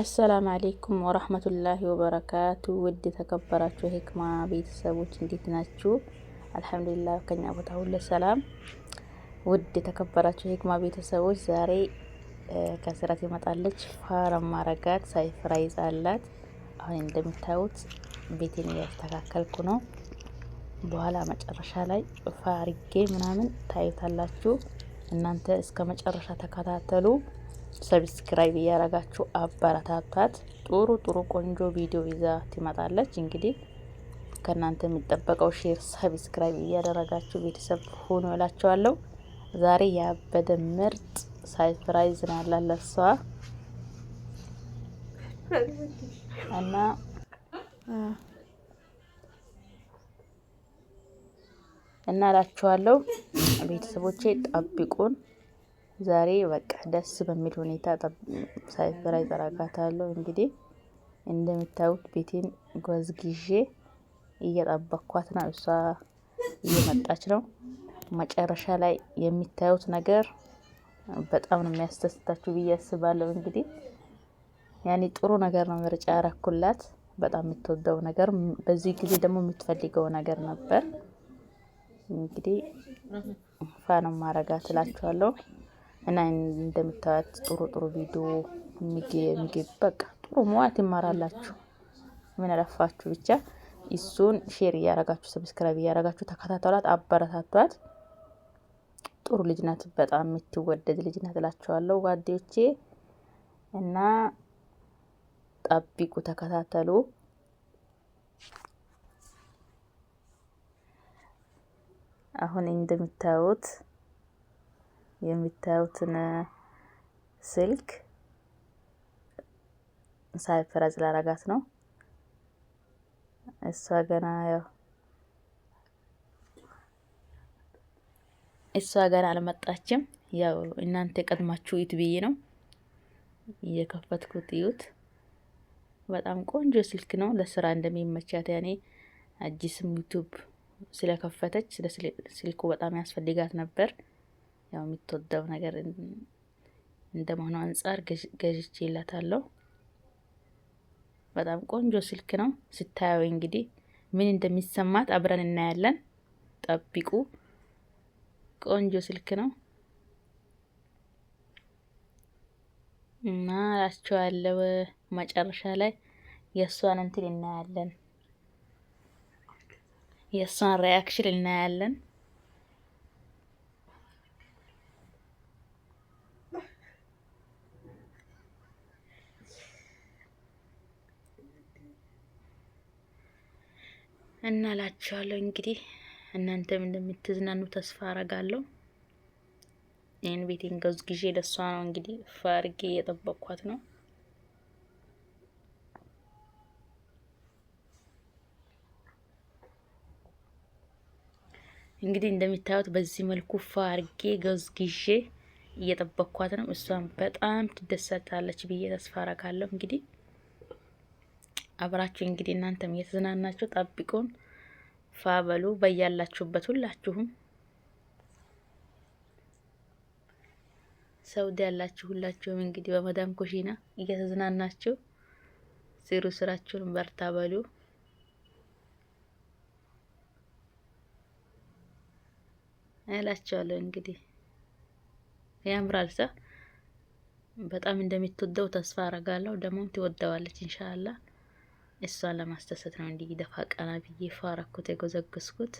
አሰላም አሌይኩም ወረህመቱላሂ ወበረካቱ። ውድ የተከበራችሁ የህክማ ቤተሰቦች እንዴት ናችሁ? አልሐምዱሊላህ ከኛ ቦታ ሁሉ ሰላም። ውድ የተከበራችሁ የህክማ ቤተሰቦች ዛሬ ከስራት ይመጣለች ፋረም ማረጋት ሳይፍራይዝ አላት። አሁን እንደሚታዩት ቤቴን እያስተካከልኩ ነው። በኋላ መጨረሻ ላይ ፋርጌ ምናምን ታዩታላችሁ። እናንተ እስከ መጨረሻ ተከታተሉ። ሰብስክራይብ እያረጋችሁ አበረታታት። ጥሩ ጥሩ ቆንጆ ቪዲዮ ይዛ ትመጣለች። እንግዲህ ከእናንተ የሚጠበቀው ሼር፣ ሰብስክራይብ እያደረጋችሁ ቤተሰብ ሆኖ እላቸዋለሁ። ዛሬ ያበደ ምርጥ ሳይፕራይዝ ነው ያላት ለሷ እና እና እላችኋለሁ ቤተሰቦቼ ጠብቁን። ዛሬ በቃ ደስ በሚል ሁኔታ ሳይፈራ ይጠራጋታለሁ። እንግዲህ እንደምታዩት ቤቴን ጎዝጊዤ እየጠበኳት ነው። እሷ እየመጣች ነው። መጨረሻ ላይ የሚታዩት ነገር በጣም ነው የሚያስደስታችሁ ብዬ አስባለሁ። እንግዲህ ያኔ ጥሩ ነገር ነው ምርጫ ያረኩላት። በጣም የምትወደው ነገር በዚህ ጊዜ ደግሞ የምትፈልገው ነገር ነበር። እንግዲህ ፋ ነው ማረጋ ትላችኋለሁ። እና እንደምታዩት ጥሩ ጥሩ ቪዲዮ ምግብ በቃ ጥሩ መዋት ይማራላችሁ። ምን አለፋችሁ ብቻ እሱን ሼር እያረጋችሁ ሰብስክራይብ እያረጋችሁ ተከታተሏት፣ አበረታቷት። ጥሩ ልጅ ናት፣ በጣም የምትወደድ ልጅ ናት እላችኋለሁ ጓደኞቼ እና ጠብቁ፣ ተከታተሉ። አሁን እንደምታዩት የምታዩትን ስልክ ሳይፈረዝ ላረጋት ነው። እሷ ገና ያው እሷ ገና አልመጣችም። ያው እናንተ ቀድማችሁ ዩት ብዬ ነው የከፈትኩት። ዩት በጣም ቆንጆ ስልክ ነው። ለስራ እንደሚመቻት ያኔ አዲስም ዩቱብ ስለከፈተች ስልኩ በጣም ያስፈልጋት ነበር። ያው የምትወደው ነገር እንደመሆኑ አንጻር ገዥቼ ይላታለሁ። በጣም ቆንጆ ስልክ ነው። ስታየው እንግዲህ ምን እንደሚሰማት አብረን እናያለን። ጠብቁ። ቆንጆ ስልክ ነው እና ላችኋለሁ። መጨረሻ ላይ የእሷን እንትን እናያለን። የእሷን ሪያክሽን እናያለን። እና ላችኋለሁ እንግዲህ እናንተም እንደምትዝናኑ ተስፋ አረጋለሁ። ይህን ቤቴን ገዙ ጊዜ ለሷ ነው እንግዲህ ፈርጌ እየጠበቅኳት ነው። እንግዲህ እንደሚታዩት በዚህ መልኩ ፋርጌ ገዝ ጊዜ እየጠበቅኳት ነው። እሷን በጣም ትደሰታለች ብዬ ተስፋ አረጋለሁ እንግዲህ አብራችሁ እንግዲህ እናንተም እየተዝናናችሁ ጠብቁን። ፋበሉ በያላችሁበት ሁላችሁም ሰውዲ ያላችሁ ሁላችሁም እንግዲህ በመዳም ኩሽና እየተዝናናችሁ ስሩ ስራችሁን። በርታ በሉ። እላቸዋለሁ እንግዲህ ያምራል። ሰ በጣም እንደምትወደው ተስፋ አረጋለሁ። ደግሞ ትወደዋለች ኢንሻአላህ። እሷን ለማስደሰት ነው እንዲህ ደፋ ቀና ብዬ ፏ አረኩት የጎዘገዝኩት።